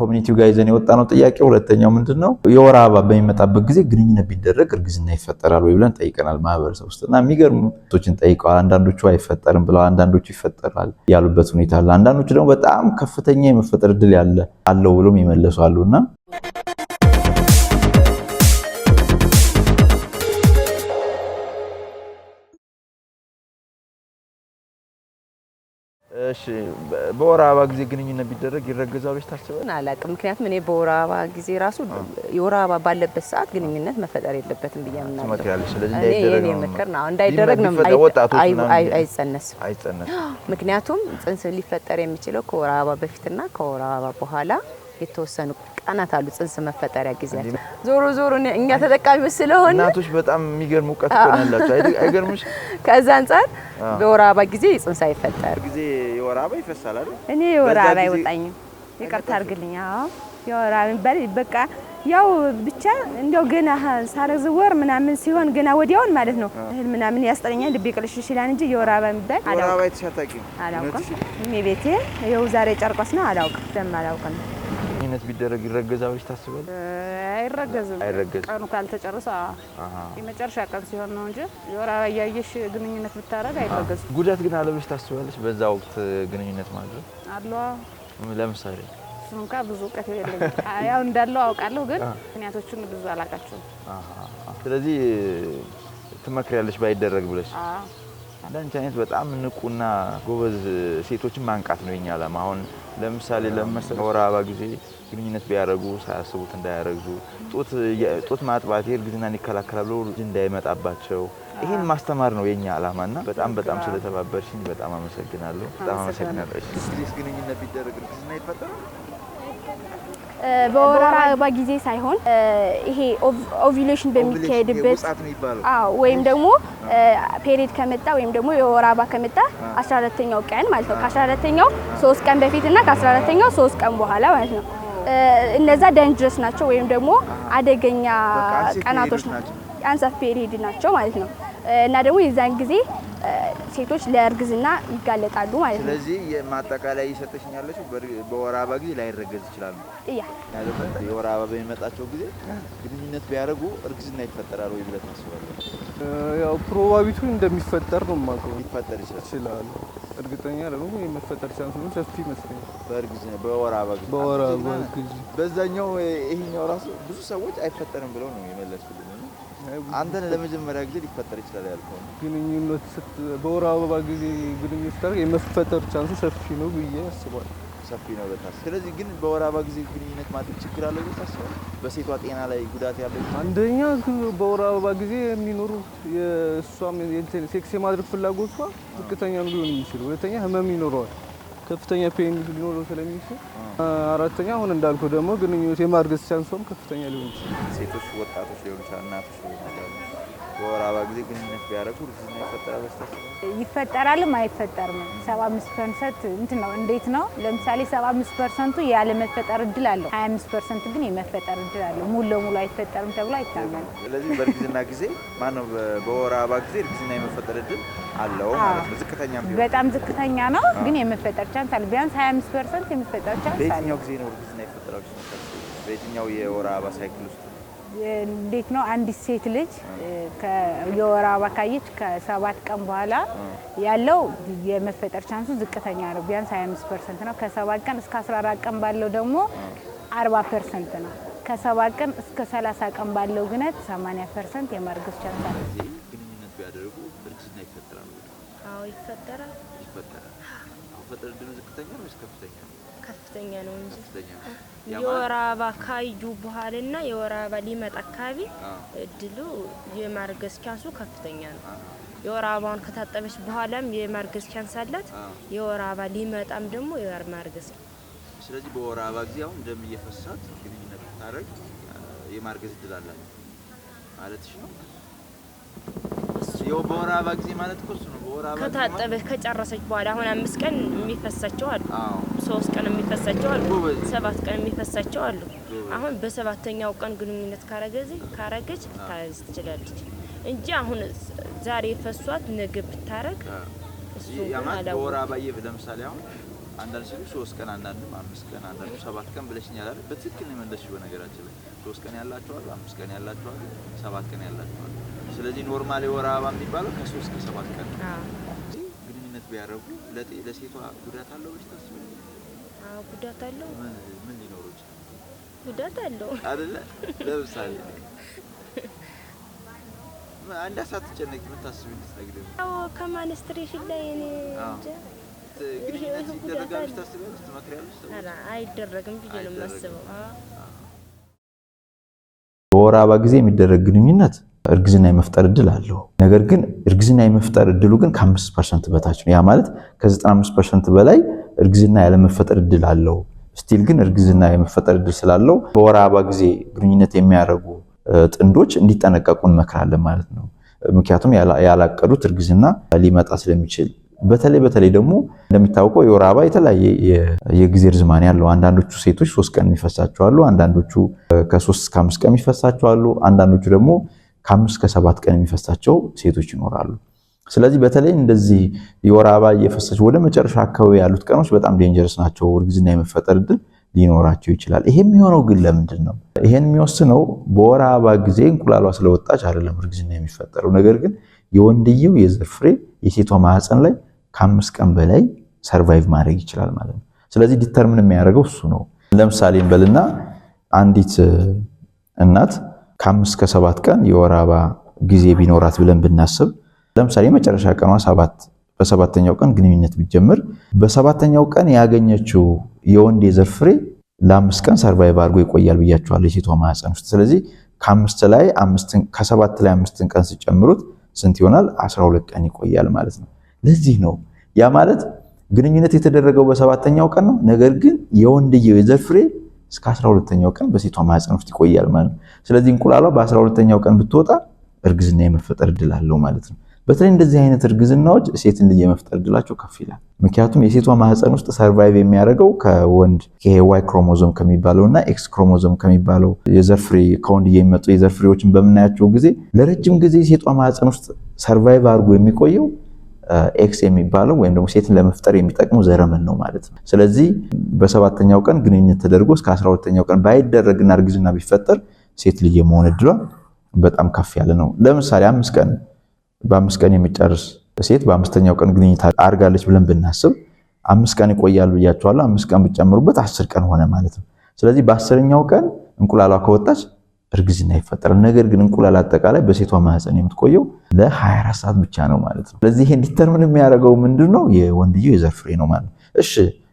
ከኮሚኒቲው ጋር ይዘን የወጣ ነው ጥያቄ። ሁለተኛው ምንድን ነው የወር አበባ በሚመጣበት ጊዜ ግንኙነት ቢደረግ እርግዝና ይፈጠራል ወይ ብለን ጠይቀናል ማህበረሰብ ውስጥ እና የሚገርሙ ቶችን ጠይቀዋል። አንዳንዶቹ አይፈጠርም ብለዋል፣ አንዳንዶቹ ይፈጠራል ያሉበት ሁኔታ አለ። አንዳንዶቹ ደግሞ በጣም ከፍተኛ የመፈጠር እድል ያለ አለው ብሎም ይመለሱ አሉ እና እሺ በወር አበባ ጊዜ ግንኙነት ቢደረግ ይረገዛል ብለሽ ታስቢያለሽ? አላውቅም። ምክንያቱም እኔ በወር አበባ ጊዜ ራሱ የወር አበባ ባለበት ሰዓት ግንኙነት መፈጠር የለበትም ብዬ አምናለሁ። ስለዚህ ምክር ነው እንዳይደረግ ነው። አይጸነስም፣ አይጸነስም። ምክንያቱም ጽንስ ሊፈጠር የሚችለው ከወር አበባ በፊትና ከወር አበባ በኋላ የተወሰኑ ቀናት አሉ ጽንስ መፈጠሪያ ጊዜያቸው። ዞሮ ዞሮ እኛ ተጠቃሚዎች ስለሆነ እናቶች በጣም የሚገርም እውቀት ሆናላቸው አይገርምሽ? ከዛ አንጻር በወር አበባ ጊዜ ጽንስ አይፈጠርም። ጊዜ የወር አበባ ይፈሳል አይደል? እኔ የወር አበባ አይወጣኝም። ይቅርታ አድርግልኝ። አዎ የወር አበባ በቃ ያው ብቻ እንደው ገና ሳረግዝ ወር ምናምን ሲሆን ገና ወዲያውን ማለት ነው እህል ምናምን ያስጠለኛል፣ ልቤ ቅልሽ ይችላል እንጂ የወር አበባ የሚባል አላውቅም። አላውቅም። እኔ ቤቴ ይኸው ዛሬ ጨርቆስ ነው። አላውቅም ደም አላውቅም። ግንኙነት ቢደረግ ይረገዛ ብለሽ ታስበል? አይረገዝም። አይረገዝም። ቀኑ ካልተጨረሰ የመጨረሻ ቀን ሲሆን ነው እንጂ የወር አያየሽ ግንኙነት ብታረግ አይረገዝም። ጉዳት ግን አለ ብለሽ ታስባለሽ? በዛ ወቅት ግንኙነት ማድረግ አለዋ። ለምሳሌ እሱን እንኳ ብዙ እውቀት የለኝም። ያው እንዳለው አውቃለሁ፣ ግን ምክንያቶቹን ብዙ አላውቃቸውም። ስለዚህ ትመክሪያለሽ ባይደረግ ብለሽ አንዳንድ አይነት በጣም ንቁና ጎበዝ ሴቶችን ማንቃት ነው የኛ ዓላማ። አሁን ለምሳሌ ለመሰለ ወር አበባ ጊዜ ግንኙነት ቢያደርጉ ሳያስቡት እንዳያረግዙ፣ ጡት ማጥባት እርግዝናን ይከላከላል ብሎ ልጅ እንዳይመጣባቸው ይህን ማስተማር ነው የኛ አላማ እና በጣም በጣም ስለተባበርሽኝ በጣም አመሰግናለሁ። በጣም አመሰግናለሽ። ግንኙነት ቢደረግ እርግዝና ይፈጠራል በወር አበባ ጊዜ ሳይሆን ይሄ ኦቪሌሽን በሚካሄድበት ወይም ደግሞ ፔሪድ ከመጣ ወይም ደግሞ የወር አበባ ከመጣ 14ተኛው ቀን ማለት ነው። ከ14ተኛው ቀን በፊት እና ከ14ተኛው ቀን በኋላ ማለት ነው። እነዛ ደንጅረስ ናቸው ወይም ደግሞ አደገኛ ቀናቶች ናቸው። አንሳፍ ፔሪድ ናቸው ማለት ነው እና ደግሞ የዛን ጊዜ ሴቶች ለእርግዝና ይጋለጣሉ ማለት ነው። ስለዚህ ማጠቃላይ እየሰጠሽኛለች በወር አበባ ጊዜ ላይረገዝ ይችላሉ። የወር አበባ በሚመጣቸው ጊዜ ግንኙነት ቢያደርጉ እርግዝና ይፈጠራል ወይ ብለህ ታስባለህ? ያው ፕሮባቢቱ እንደሚፈጠር ነው የማውቀው። ይፈጠር ይችላል እርግጠኛ ደግሞ የመፈጠር ቻንስ ነው ሰፊ ይመስለኛል። በእርግዝና በወር አበባ ጊዜ በወር አበባ ጊዜ በዛኛው ይሄኛው ራሱ ብዙ ሰዎች አይፈጠርም ብለው ነው የመለሱልኝ። አንተን ለመጀመሪያ ጊዜ ሊፈጠር ይችላል ያልከው ግንኙነት በወር አበባ ጊዜ ግንኙነት ስታደርግ የመፈጠር ቻንሱ ሰፊ ነው ብዬ አስባለሁ። ሰፊ ነው በታ ስለዚህ ግን በወር አበባ ጊዜ ግንኙነት ማድረግ ችግር አለው ብዬ ታስባለህ? በሴቷ ጤና ላይ ጉዳት ያለው አንደኛ በወር አበባ ጊዜ የሚኖሩ የእሷም ሴክስ የማድረግ ፍላጎቷ ዝቅተኛ ሊሆን የሚችል፣ ሁለተኛ ህመም ይኖረዋል ከፍተኛ ፔኒል ሊኖረው ስለሚችል፣ አራተኛ አሁን እንዳልኩ ደግሞ ግንኙነት የማርገዝ ቻንሷም ከፍተኛ ሊሆን ይችላል። ሴቶች፣ ወጣቶች ሊሆን ይችላል እናቶች ሊሆን ይችላል በወር አበባ ጊዜ ግንኙነት ቢያደርጉ እርግዝና ይፈጠራል በሽታ ይፈጠራልም አይፈጠርም። ሰባ አምስት ፐርሰንት እንትን ነው። እንዴት ነው ለምሳሌ ሰባ አምስት ፐርሰንቱ ያለመፈጠር እድል አለው። ሀያ አምስት ፐርሰንት ግን የመፈጠር እድል አለው። ሙሉ ለሙሉ አይፈጠርም ተብሎ አይታመንም። ስለዚህ በእርግዝና ጊዜ ማነው በወር አበባ ጊዜ እርግዝና የመፈጠር እድል አለው ማለት ነው። ዝቅተኛ በጣም ዝቅተኛ ነው፣ ግን የመፈጠር ቻንስ አለ። ቢያንስ ሀያ አምስት ፐርሰንት የመፈጠር ቻንስ አለ። በየትኛው ጊዜ ነው እርግዝና ይፈጠራል? በየትኛው የወር አበባ ሳይክል ውስጥ እንዴት ነው አንዲት ሴት ልጅ የወር አበባ ካየች ከሰባት ቀን በኋላ ያለው የመፈጠር ቻንሱ ዝቅተኛ ነው፣ ቢያንስ 25 ፐርሰንት ነው። ከሰባት ቀን እስከ 14 ቀን ባለው ደግሞ 40 ፐርሰንት ነው። ከሰባት ቀን እስከ 30 ቀን ባለው ግነት 80 ፐርሰንት የማርገዝ ቻንስ አለ። ግንኙነት ቢያደርጉ እርግዝና ይፈጠራል። ይፈጠራል። ይፈጠራል። ፈጠር ድኑ ዝቅተኛ ነው ወይስ ከፍተኛ ነው? ከፍተኛ ነው እንጂ የወር አበባ ካዩ በኋላ እና የወር አበባ ሊመጣ አካባቢ እድሉ የማርገዝ ቻንሱ ከፍተኛ ነው። የወር አበባውን ከታጠበች በኋላም የማርገዝ ቻንስ አላት። የወር አበባ ሊመጣም ደግሞ የወር ማርገዝ ነው። ስለዚህ በወር አበባ ጊዜ አሁን ደም እየፈሳት ግንኙነት ታደርግ የማርገዝ እድል አላት ማለትሽ ነው። ይኸው በወር አበባ ጊዜ ማለት እኮ እሱ ነው። በወር አበባ ከታጠበች ከጨረሰች በኋላ አሁን አምስት ቀን የሚፈሳቸው አሉ፣ ሶስት ቀን የሚፈሳቸው አሉ፣ ሰባት ቀን የሚፈሳቸው አሉ። አሁን በሰባተኛው ቀን ግንኙነት ካረገዝ ካረገች ልታረግዝ ትችላለች እንጂ አሁን ዛሬ ፈሷት ነገ ብታረግ በወር አበባ ለምሳሌ አሁን አንዳንድ ሲሉ ሶስት ቀን አንዳንድም አምስት ቀን አንዳንዱ ሰባት ቀን ብለሽኛል አይደል? በትክክል ነው የመለስሽው። በነገራችን ላይ ሶስት ቀን ያላችኋል፣ አምስት ቀን ያላችኋል፣ ሰባት ቀን ያላችኋል ስለዚህ ኖርማል የወር አበባ የሚባለው ከሶስት ከሰባት ቀን ግንኙነት ቢያደርጉ ለሴቷ ጉዳት አለው ብለሽ ታስቢያለሽ? ጉዳት አለው። ምን ሊኖረው ይችላል? ጉዳት አለው አይደለ? ለምሳሌ አንድ ሳትጨነቂ የምታስቢው እንድትነግሪው ነው። ከማንስትሬሽን ላይ እኔ እንጃ ግንኙነት ይደረጋል ብለሽ ታስቢያለሽ? ትመክሪያለሽ? አይደረግም ብዬ ነው የማስበው። በወር አበባ ጊዜ የሚደረግ ግንኙነት እርግዝና የመፍጠር እድል አለው። ነገር ግን እርግዝና የመፍጠር እድሉ ግን ከአምስት ፐርሰንት በታች ነው። ያ ማለት ከ 95 ፐርሰንት በላይ እርግዝና ያለመፈጠር እድል አለው። ስቲል ግን እርግዝና የመፈጠር እድል ስላለው በወር አበባ ጊዜ ግንኙነት የሚያደርጉ ጥንዶች እንዲጠነቀቁ እንመክራለን ማለት ነው። ምክንያቱም ያላቀዱት እርግዝና ሊመጣ ስለሚችል በተለይ በተለይ ደግሞ እንደሚታወቀው የወር አበባ የተለያየ የጊዜ ርዝማኔ ያለው አንዳንዶቹ ሴቶች ሶስት ቀን የሚፈሳቸዋሉ፣ አንዳንዶቹ ከሶስት እስከ አምስት ቀን የሚፈሳቸዋሉ፣ አንዳንዶቹ ደግሞ ከአምስት ከሰባት ቀን የሚፈሳቸው ሴቶች ይኖራሉ። ስለዚህ በተለይ እንደዚህ የወር አበባ እየፈሰች ወደ መጨረሻ አካባቢ ያሉት ቀኖች በጣም ዴንጀረስ ናቸው። እርግዝና የመፈጠር እድል ሊኖራቸው ይችላል። ይሄ የሚሆነው ግን ለምንድን ነው? ይሄን የሚወስነው በወር አበባ ጊዜ እንቁላሏ ስለወጣች አይደለም እርግዝና የሚፈጠረው። ነገር ግን የወንድየው የዘር ፍሬ የሴቷ ማህፀን ላይ ከአምስት ቀን በላይ ሰርቫይቭ ማድረግ ይችላል ማለት ነው። ስለዚህ ዲተርምን የሚያደርገው እሱ ነው። ለምሳሌ እንበልና አንዲት እናት ከአምስት ከሰባት ቀን የወር አበባ ጊዜ ቢኖራት ብለን ብናስብ ለምሳሌ መጨረሻ ቀኗ ሰባት በሰባተኛው ቀን ግንኙነት ብትጀምር በሰባተኛው ቀን ያገኘችው የወንድ የዘር ፍሬ ለአምስት ቀን ሰርቫይቭ አድርጎ ይቆያል ብያቸዋለሁ የሴቷ ማህፀን ውስጥ። ስለዚህ ከአምስት ላይ ከሰባት ላይ አምስትን ቀን ሲጨምሩት ስንት ይሆናል? አስራ ሁለት ቀን ይቆያል ማለት ነው። ለዚህ ነው ያ ማለት ግንኙነት የተደረገው በሰባተኛው ቀን ነው። ነገር ግን የወንድየው የዘር ፍሬ እስከ 12ኛው ቀን በሴቷ ማህፀን ውስጥ ይቆያል ማለት ነው። ስለዚህ እንቁላሏ በ12ኛው ቀን ብትወጣ እርግዝና የመፈጠር እድል አለው ማለት ነው። በተለይ እንደዚህ አይነት እርግዝናዎች ሴትን ልጅ የመፍጠር እድላቸው ከፍ ይላል። ምክንያቱም የሴቷ ማህፀን ውስጥ ሰርቫይቭ የሚያደርገው ከወንድ ይሄ ዋይ ክሮሞዞም ከሚባለው እና ኤክስ ክሮሞዞም ከሚባለው የዘር ፍሬ ከወንድ የሚመጡ የዘር ፍሬዎችን በምናያቸው ጊዜ ለረጅም ጊዜ ሴቷ ማህፀን ውስጥ ሰርቫይቭ አድርጎ የሚቆየው ኤክስ የሚባለው ወይም ደግሞ ሴትን ለመፍጠር የሚጠቅመው ዘረመን ነው ማለት ነው። ስለዚህ በሰባተኛው ቀን ግንኙነት ተደርጎ እስከ አስራ ሁለተኛው ቀን ባይደረግና እርግዝና ቢፈጠር ሴት ልጅ የመሆን እድሏ በጣም ከፍ ያለ ነው። ለምሳሌ አምስት ቀን በአምስት ቀን የሚጨርስ ሴት በአምስተኛው ቀን ግንኙነት አድርጋለች ብለን ብናስብ አምስት ቀን ይቆያሉ ብያቸዋለሁ። አምስት ቀን ብጨምሩበት አስር ቀን ሆነ ማለት ነው። ስለዚህ በአስረኛው ቀን እንቁላሏ ከወጣች እርግዝና ይፈጠራል። ነገር ግን እንቁላል አጠቃላይ በሴቷ ማህፀን የምትቆየው ለ24 ሰዓት ብቻ ነው ማለት ነው። ለዚህ ይሄ እንዲተርምን የሚያደርገው ምንድን ነው? የወንድየው የዘር ፍሬ ነው ማለት ነው። እሺ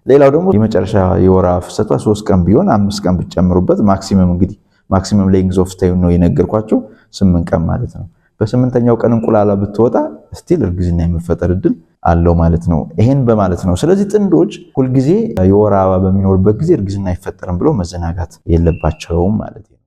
ሌላው ደግሞ የመጨረሻ የወራ ፍሰቷ ሶስት ቀን ቢሆን አምስት ቀን ብትጨምሩበት ማክሲመም እንግዲህ ማክሲመም ሌንግዝ ኦፍ ስቴይ ነው የነገርኳቸው ስምንት ቀን ማለት ነው። በስምንተኛው ቀን እንቁላላ ብትወጣ ስቲል እርግዝና የመፈጠር እድል አለው ማለት ነው። ይሄን በማለት ነው። ስለዚህ ጥንዶች ሁልጊዜ የወር አበባ በሚኖርበት ጊዜ እርግዝና አይፈጠርም ብለው መዘናጋት የለባቸውም ማለት ነው።